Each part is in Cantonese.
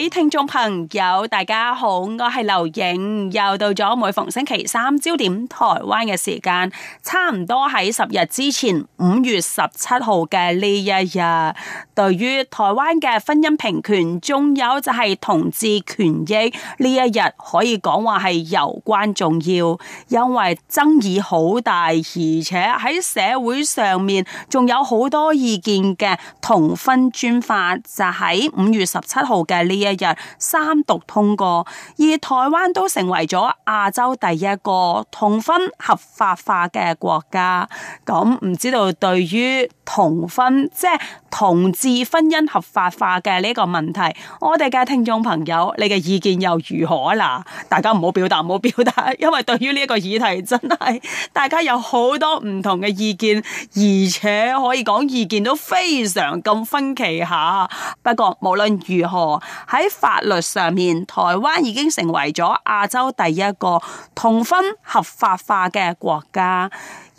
各位聽眾朋友，大家好，我係劉穎，又到咗每逢星期三焦點台灣嘅時間，差唔多喺十日之前五月十七號嘅呢一日，對於台灣嘅婚姻平權仲有就係同志權益呢一日，可以講話係攸關重要，因為爭議好大，而且喺社會上面仲有好多意見嘅同婚專法就喺、是、五月十七號嘅呢一日三讀通過，而台灣都成為咗亞洲第一個同婚合法化嘅國家。咁唔知道對於同婚即係同志婚姻合法化嘅呢個問題，我哋嘅聽眾朋友，你嘅意見又如何啦？大家唔好表達，唔好表達，因為對於呢一個議題，真係大家有好多唔同嘅意見，而且可以講意見都非常咁分歧吓。不過無論如何，喺法律上面，台灣已經成為咗亞洲第一個同婚合法化嘅國家。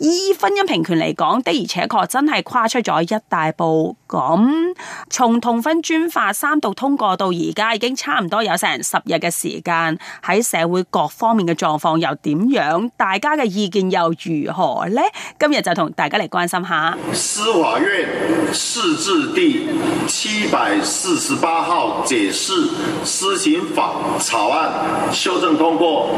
以婚姻平權嚟講，的而且確真係跨出咗一大步。咁從同婚專法三度通過到而家，已經差唔多有成十日嘅時間，喺社會各方面嘅狀況又點樣？大家嘅意見又如何呢？今日就同大家嚟關心下。司法院釋字第七百四十八號解釋施行法草案修正通過。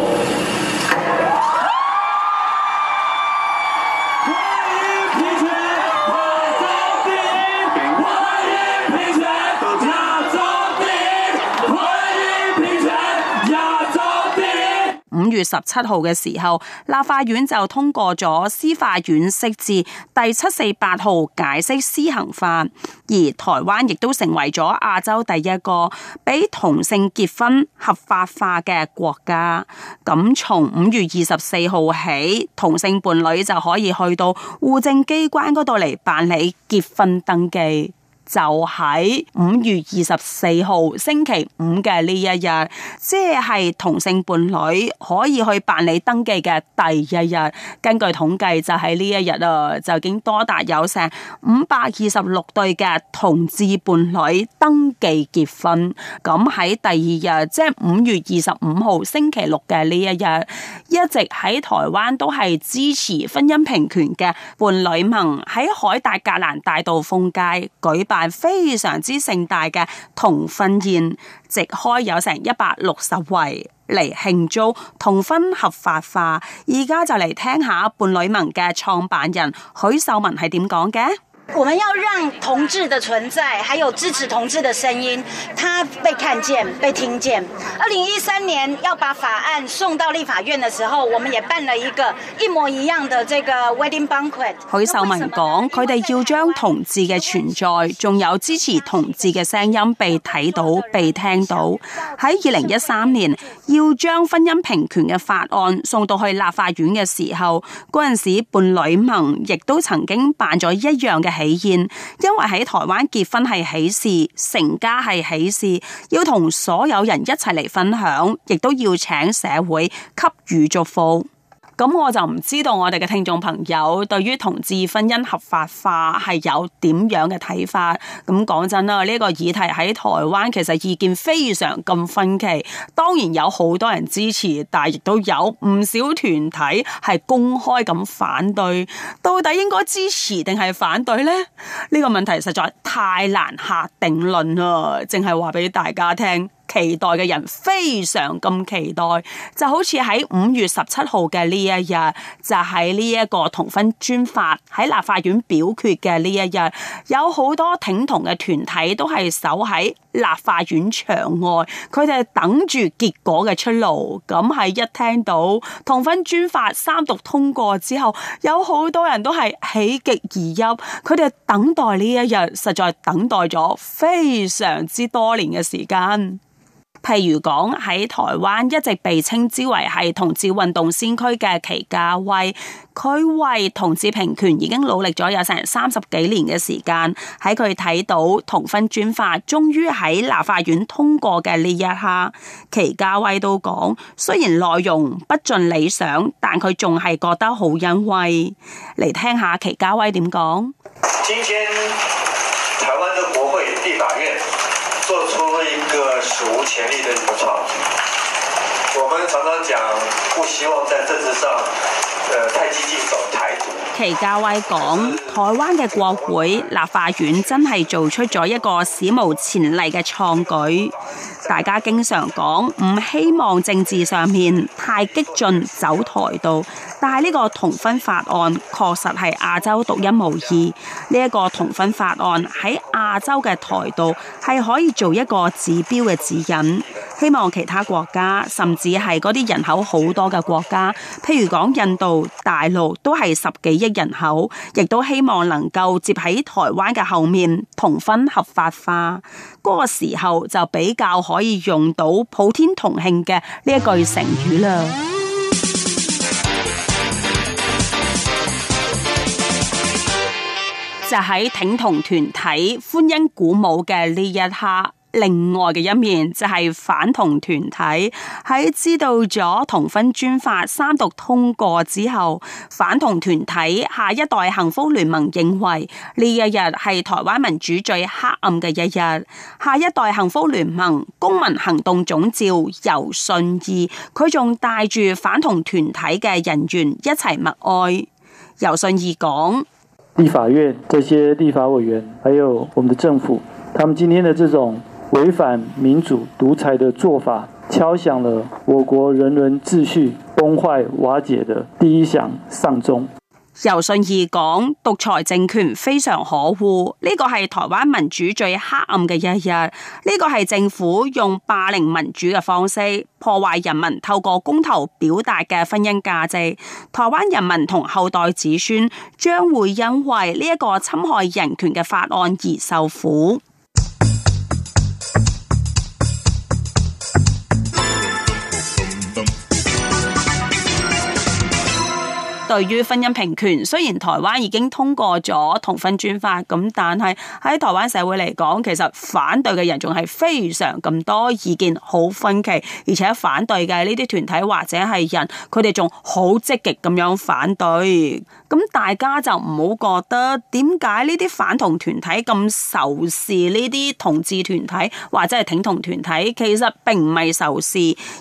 五月十七號嘅時候，立法院就通過咗司法院釋字第七四八號解釋施行法，而台灣亦都成為咗亞洲第一個俾同性結婚合法化嘅國家。咁從五月二十四號起，同性伴侶就可以去到戶政機關嗰度嚟辦理結婚登記。就喺五月二十四號星期五嘅呢一日，即係同性伴侶可以去辦理登記嘅第一日。根據統計，就喺呢一日啊，就已經多達有成五百二十六對嘅同志伴侶登記結婚。咁喺第二日，即係五月二十五號星期六嘅呢一日，一直喺台灣都係支持婚姻平權嘅伴侶盟喺海大格蘭大道封街舉辦辦非常之盛大嘅同婚宴，席開有成一百六十位嚟慶祝同婚合法化。而家就嚟聽下伴侶盟嘅創辦人許秀文係點講嘅。我們要讓同志的存在，還有支持同志的聲音，他被看見、被聽見。二零一三年要把法案送到立法院的時候，我們也辦了一個一模一樣的這個 wedding banquet。許秀文講，佢哋要將同志嘅存在，仲有支持同志嘅聲音被睇到、被聽到。喺二零一三年要將婚姻平權嘅法案送到去立法院嘅時候，嗰陣時伴侶盟亦都曾經辦咗一樣嘅喜宴，因為喺台灣結婚係喜事，成家係喜事，要同所有人一齊嚟分享，亦都要請社會給予祝福。咁我就唔知道我哋嘅聽眾朋友對於同志婚姻合法化係有點樣嘅睇法。咁講真啦，呢個議題喺台灣其實意見非常咁分歧。當然有好多人支持，但係亦都有唔少團體係公開咁反對，到底應該支持定係反對咧？呢個問題實在太難下定論啦！淨係話俾大家聽。期待嘅人非常咁期待，就好似喺五月十七號嘅呢一日，就係呢一個同婚專法喺立法院表決嘅呢一日，有好多挺同嘅團體都係守喺立法院場外，佢哋等住結果嘅出爐，咁係一聽到同婚專法三讀通過之後，有好多人都係喜極而泣，佢哋等待呢一日實在等待咗非常之多年嘅時間。譬如講喺台灣一直被稱之為係同志運動先驅嘅祁家威，佢為同志平權已經努力咗有成三十幾年嘅時間，喺佢睇到同婚專法終於喺立法院通過嘅呢一刻，祁家威都講，雖然內容不盡理想，但佢仲係覺得好欣慰。嚟聽下祁家威點講。史無前例的創舉。我們常常講，不希望在政治上。祁家威講：台灣嘅國會立法院真係做出咗一個史無前例嘅創舉。大家經常講唔希望政治上面太激進走台獨。但係呢個同婚法案確實係亞洲獨一無二呢一、這個同婚法案喺亞洲嘅台獨係可以做一個指標嘅指引。希望其他國家，甚至係嗰啲人口好多嘅國家，譬如講印度、大陸，都係十幾億人口，亦都希望能夠接喺台灣嘅後面同婚合法化。嗰、那個時候就比較可以用到普天同慶嘅呢一句成語啦。 就喺挺同團體歡欣鼓舞嘅呢一刻。另外嘅一面就係、是、反同團體喺知道咗同婚專法三讀通過之後，反同團體下一代幸福聯盟認為呢一日係台灣民主最黑暗嘅一日。下一代幸福聯盟公民行動總召游信義，佢仲帶住反同團體嘅人員一齊默哀。游信義講：立法院這些立法委員，還有我們的政府，他們今天的這種。違反民主獨裁嘅做法，敲響了我國人倫秩序崩壞瓦解的第一響喪鐘。由信義講，獨裁政權非常可惡，呢、這個係台灣民主最黑暗嘅一日。呢、這個係政府用霸凌民主嘅方式破壞人民透過公投表達嘅婚姻價值。台灣人民同後代子孫將會因為呢一個侵害人權嘅法案而受苦。對於婚姻平權，雖然台灣已經通過咗同婚專法，咁但係喺台灣社會嚟講，其實反對嘅人仲係非常咁多，意見好分歧，而且反對嘅呢啲團體或者係人，佢哋仲好積極咁樣反對，咁大家就唔好覺得點解呢啲反同團體咁仇視呢啲同志團體或者係挺同團體，其實並唔係仇視，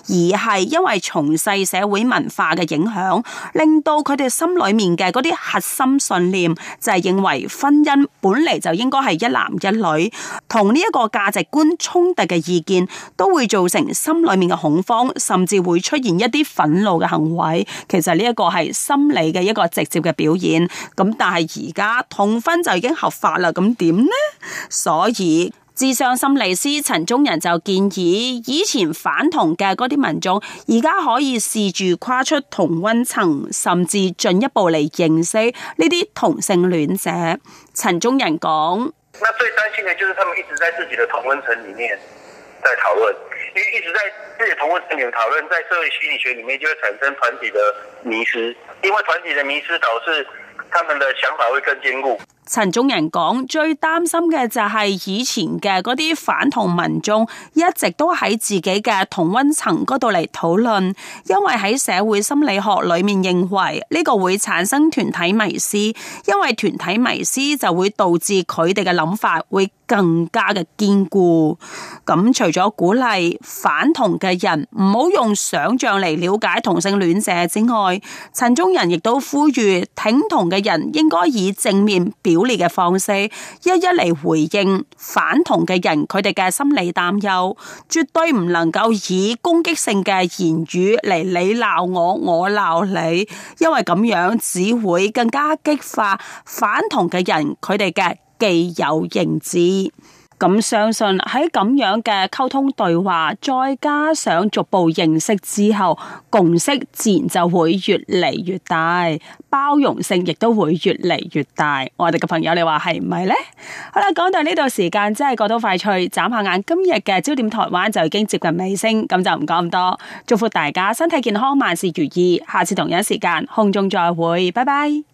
而係因為從細社會文化嘅影響令到佢哋。嘅心裏面嘅嗰啲核心信念，就係、是、認為婚姻本嚟就應該係一男一女，同呢一個價值觀衝突嘅意見，都會造成心裏面嘅恐慌，甚至會出現一啲憤怒嘅行為。其實呢一個係心理嘅一個直接嘅表現。咁但係而家同婚就已經合法啦，咁點呢？所以。諮商心理師陳宗仁就建議，以前反同嘅嗰啲民眾，而家可以試住跨出同温層，甚至進一步嚟認識呢啲同性戀者。陳宗仁講：那最擔心嘅就是，他們一直在自己的同温層裡面在討論，因為一直在自己同温層裡面討論，在社會心理學裡面就會產生團體的迷思，因為團體的迷思導致他們的想法會更堅固。陳中仁講，最擔心嘅就係以前嘅嗰啲反同民眾一直都喺自己嘅同溫層嗰度嚟討論，因為喺社會心理學裏面認為呢個會產生團體迷思，因為團體迷思就會導致佢哋嘅諗法會。更加嘅堅固。咁除咗鼓勵反同嘅人唔好用想象嚟了解同性戀者之外，陳中仁亦都呼籲挺同嘅人應該以正面表列嘅方式，一一嚟回應反同嘅人佢哋嘅心理擔憂。絕對唔能夠以攻擊性嘅言語嚟你鬧我，我鬧你，因為咁樣只會更加激化反同嘅人佢哋嘅。既有認知，咁相信喺咁樣嘅溝通對話，再加上逐步認識之後，共識自然就會越嚟越大，包容性亦都會越嚟越大。我哋嘅朋友，你話係唔係呢？好啦，講到呢度時間真係過得快脆，眨下眼今日嘅焦點台灣就已經接近尾聲，咁就唔講咁多。祝福大家身體健康，萬事如意。下次同一時間空中再會，拜拜。